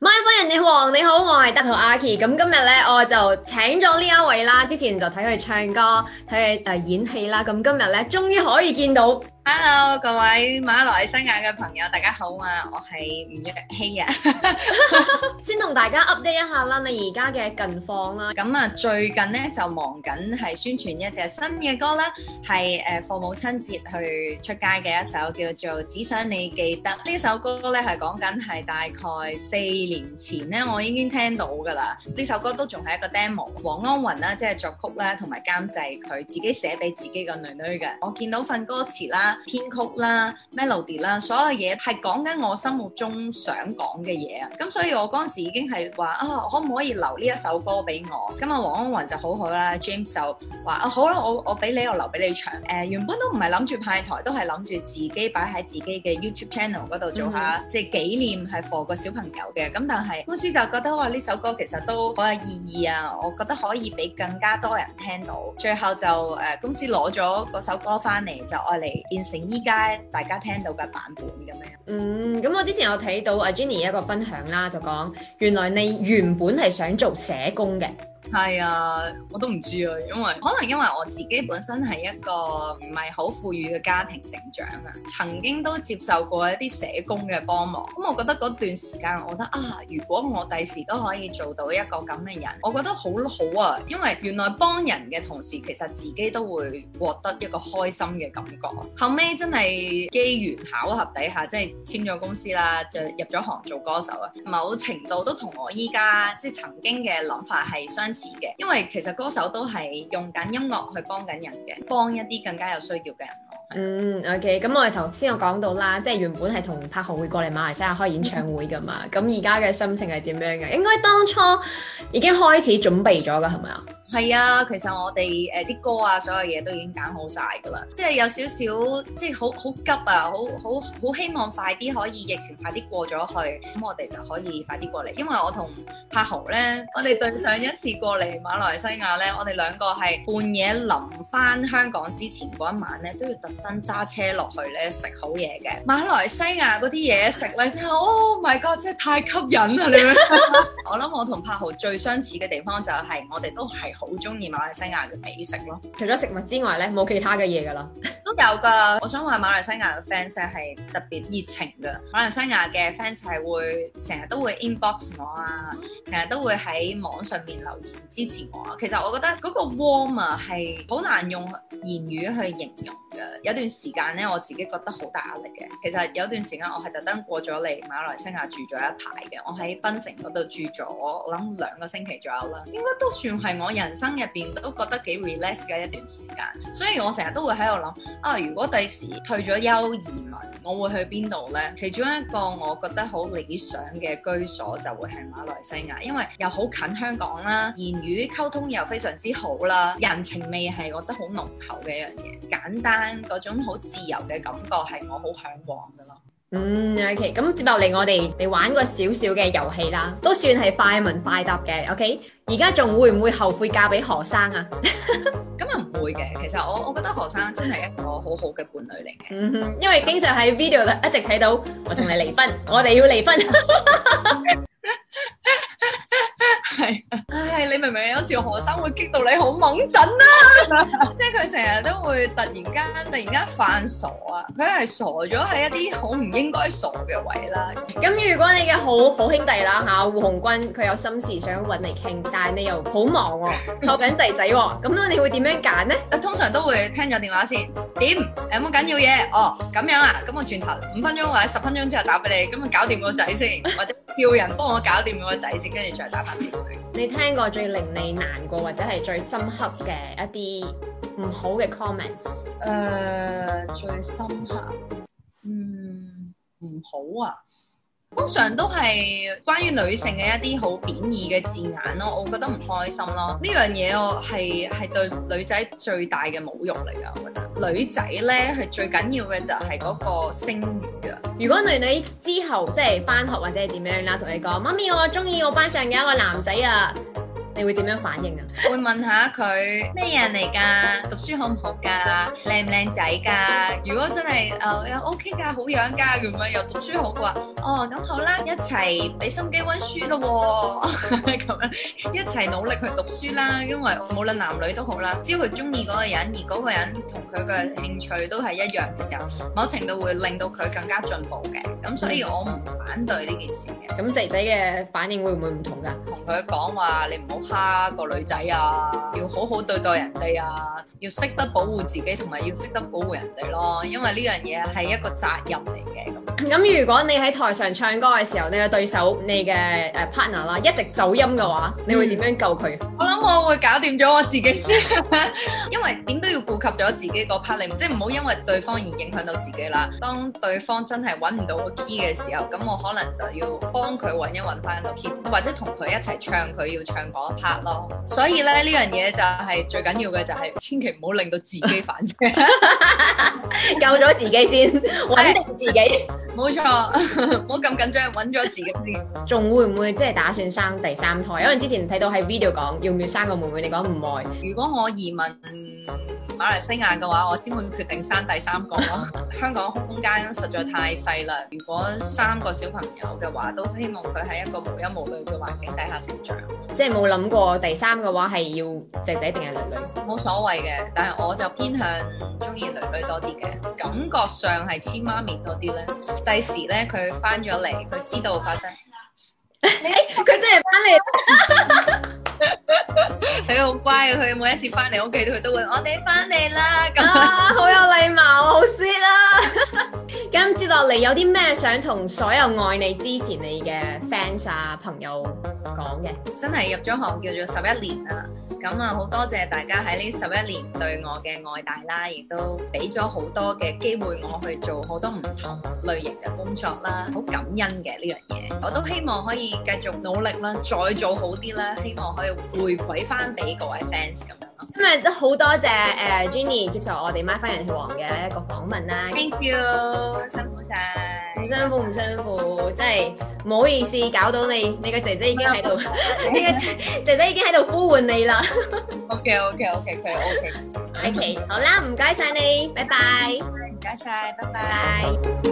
My friend, 你好，你好，我係大頭阿 Aki，咁今日咧我就請咗呢一位啦，之前就睇佢唱歌，睇佢誒演戲啦，咁今日咧終於可以見到。Hello，各位馬來西亞嘅朋友，大家好啊！我係吳若希啊， 先同大家 update 一下啦，你而家嘅近況啦。咁啊，最近咧就忙緊係宣傳一隻新嘅歌啦，係誒放母親節去出街嘅一首，叫做《只想你記得》。呢首歌咧係講緊係大概四年前咧，我已經聽到噶啦。呢首歌都仲係一個 demo，黃安雲啦，即係作曲啦，同埋監製，佢自己寫俾自己個女女嘅。我見到份歌詞啦。編曲啦、melody 啦，所有嘢係講緊我心目中想講嘅嘢啊，咁所以我嗰陣時已經係話啊，可唔可以留呢一首歌俾我？咁啊，黃安雲就好好啦，James 就話啊好啦，我我俾你，我留俾你唱。誒、呃，原本都唔係諗住派台，都係諗住自己擺喺自己嘅 YouTube channel 嗰度做下、嗯、即係紀念，係 for 個小朋友嘅。咁但係公司就覺得話呢首歌其實都好有意義啊，我覺得可以俾更加多人聽到。最後就誒、呃，公司攞咗嗰首歌翻嚟就愛嚟。成依家大家聽到嘅版本咁樣，嗯，咁我之前有睇到阿 Jenny 一個分享啦，就講原來你原本係想做社工嘅。係啊、哎，我都唔知啊，因為可能因為我自己本身係一個唔係好富裕嘅家庭成長啊，曾經都接受過一啲社工嘅幫忙，咁我覺得嗰段時間，我覺得啊，如果我第時都可以做到一個咁嘅人，我覺得好好啊，因為原來幫人嘅同時，其實自己都會獲得一個開心嘅感覺。後尾真係機緣巧合底下，即係簽咗公司啦，就入咗行做歌手啊，某程度都同我依家即係曾經嘅諗法係相似。因為其實歌手都係用緊音樂去幫緊人嘅，幫一啲更加有需要嘅人。嗯，OK，咁我哋頭先我講到啦，即係原本係同柏豪會過嚟馬來西亞開演唱會噶嘛，咁而家嘅心情係點樣嘅？應該當初已經開始準備咗噶係咪啊？係啊，其實我哋誒啲歌啊，所有嘢都已經揀好晒㗎啦，即係有少少即係好好急啊，好好好希望快啲可以疫情快啲過咗去，咁我哋就可以快啲過嚟。因為我同柏豪呢，我哋對上一次過嚟馬來西亞呢， 我哋兩個係半夜臨翻香港之前嗰一晚呢，都要等。真揸車落去咧，食好嘢嘅馬來西亞嗰啲嘢食咧，真係，Oh my God，真係太吸引啦！你諗， 我諗我同柏豪最相似嘅地方就係我哋都係好中意馬來西亞嘅美食咯。除咗食物之外咧，冇其他嘅嘢噶啦。 都有㗎，我想話馬來西亞嘅 fans 係特別熱情㗎。馬來西亞嘅 fans 係會成日都會 inbox 我啊，成日都會喺網上面留言支持我啊。其實我覺得嗰個 warm 啊係好難用言語去形容㗎。一段時間咧，我自己覺得好大壓力嘅。其實有段時間我係特登過咗嚟馬來西亞住咗一排嘅，我喺檳城嗰度住咗，我諗兩個星期左右啦，應該都算係我人生入邊都覺得幾 relax 嘅一段時間。所以我成日都會喺度諗啊，如果第時退咗休移民，我會去邊度呢？其中一個我覺得好理想嘅居所就會係馬來西亞，因為又好近香港啦，言語溝通又非常之好啦，人情味係我覺得好濃厚嘅一樣嘢，簡單種好自由嘅感覺係我好向往嘅咯。嗯，OK。咁接落嚟我哋嚟玩個少少嘅遊戲啦，都算係快問快答嘅。OK。而家仲會唔會後悔嫁俾何生啊？咁啊唔會嘅。其實我我覺得何生真係一個好好嘅伴侶嚟嘅。嗯哼。因為經常喺 video 一直睇到我同你離婚， 我哋要離婚。係。對對你明唔明有時何生會激到你好懵震啊！即係佢成日都會突然間突然間犯傻啊！佢係傻咗喺一啲好唔應該傻嘅位啦、啊。咁、嗯、如果你嘅好好兄弟啦嚇胡紅軍，佢、啊、有心事想揾你傾，但係你又好忙喎、啊，湊緊仔仔喎，咁 你會點樣揀呢、啊？通常都會聽咗電話先。點、欸、有冇緊要嘢哦？咁樣啊？咁、嗯、我轉頭五分鐘或者十分鐘之後打俾你，咁啊搞掂個仔先， 或者叫人幫我搞掂個仔先，跟住再打翻俾佢。 你聽過最令你難過或者係最深刻嘅一啲唔好嘅 comments。誒、呃，最深刻，嗯，唔好啊。通常都係關於女性嘅一啲好貶義嘅字眼咯，我覺得唔開心咯。呢樣嘢我係係對女仔最大嘅侮辱嚟㗎。我覺得女仔咧係最緊要嘅就係嗰個聲譽啊。如果女女之後即係返學或者係點樣啦，同你講，媽咪我中意我班上嘅一個男仔啊。你會點樣反應啊？ 會問下佢咩人嚟噶？讀書好唔好噶？靚唔靚仔噶？如果真係誒、呃、又 OK 噶好樣噶咁樣又讀書好，佢哦咁好啦，一齊俾心機溫書咯，哦，咁 樣一齊努力去讀書啦。因為無論男女都好啦，只要佢中意嗰個人，而嗰個人同佢嘅興趣都係一樣嘅時候，某程度會令到佢更加進步嘅。咁所以我唔反對呢件事嘅。咁仔仔嘅反應會唔會唔同噶？同佢講話，你唔好。蝦個女仔啊，要好好對待人哋啊，要識得保護自己，同埋要識得保護人哋咯，因為呢樣嘢係一個責任嚟。咁如果你喺台上唱歌嘅時候，你嘅對手、你嘅 partner 啦，一直走音嘅話，嗯、你會點樣救佢？我諗我會搞掂咗我自己先， 因為點都要顧及咗自己個 part 嚟，即係唔好因為對方而影響到自己啦。當對方真係揾唔到個 key 嘅時候，咁我可能就要幫佢揾一揾翻個 key，或者同佢一齊唱佢要唱嗰 part 咯。所以咧呢樣嘢、這個、就係、是、最緊要嘅就係、是，千祈唔好令到自己反車， 救咗自己先，穩定自己。 冇錯，唔咁緊張，揾咗自己咁先。仲會唔會即係打算生第三胎？因為之前睇到喺 video 講要唔要生個妹妹，你講唔愛。如果我移民、嗯、馬來西亞嘅話，我先會決定生第三個咯。 香港空間實在太細啦，如果三個小朋友嘅話，都希望佢喺一個無憂無慮嘅環境底下成長。即係冇諗過第三嘅話係要仔仔定係女女？冇所謂嘅，但係我就偏向中意女女多啲嘅，感覺上係黐媽咪多啲咧。第時咧，佢翻咗嚟，佢知道發生，誒、 欸，佢真係翻嚟啦，佢 好乖啊！佢每一次翻嚟屋企，佢都會我哋翻嚟啦。你有啲咩想同所有愛你，之前你，啊、支持你嘅 fans 啊朋友講嘅？真係入咗行叫做十一年啦，咁啊好多謝大家喺呢十一年對我嘅愛戴啦，亦都俾咗好多嘅機會我去做好多唔同類型嘅工作啦，好感恩嘅呢樣嘢。我都希望可以繼續努力啦，再做好啲啦，希望可以回饋翻俾各位 fans 咁。今日都好多謝誒 Jenny、uh, 接受我哋 My FM 人氣王嘅一個訪問啦，Thank you，辛苦晒！唔辛苦唔辛苦，真係唔好意思搞到你，你個姐姐已經喺度， 你個姐姐已經喺度呼喚你啦 ，OK OK OK，k OK，OK，k 好啦，唔該曬你，拜拜，唔該曬，拜拜。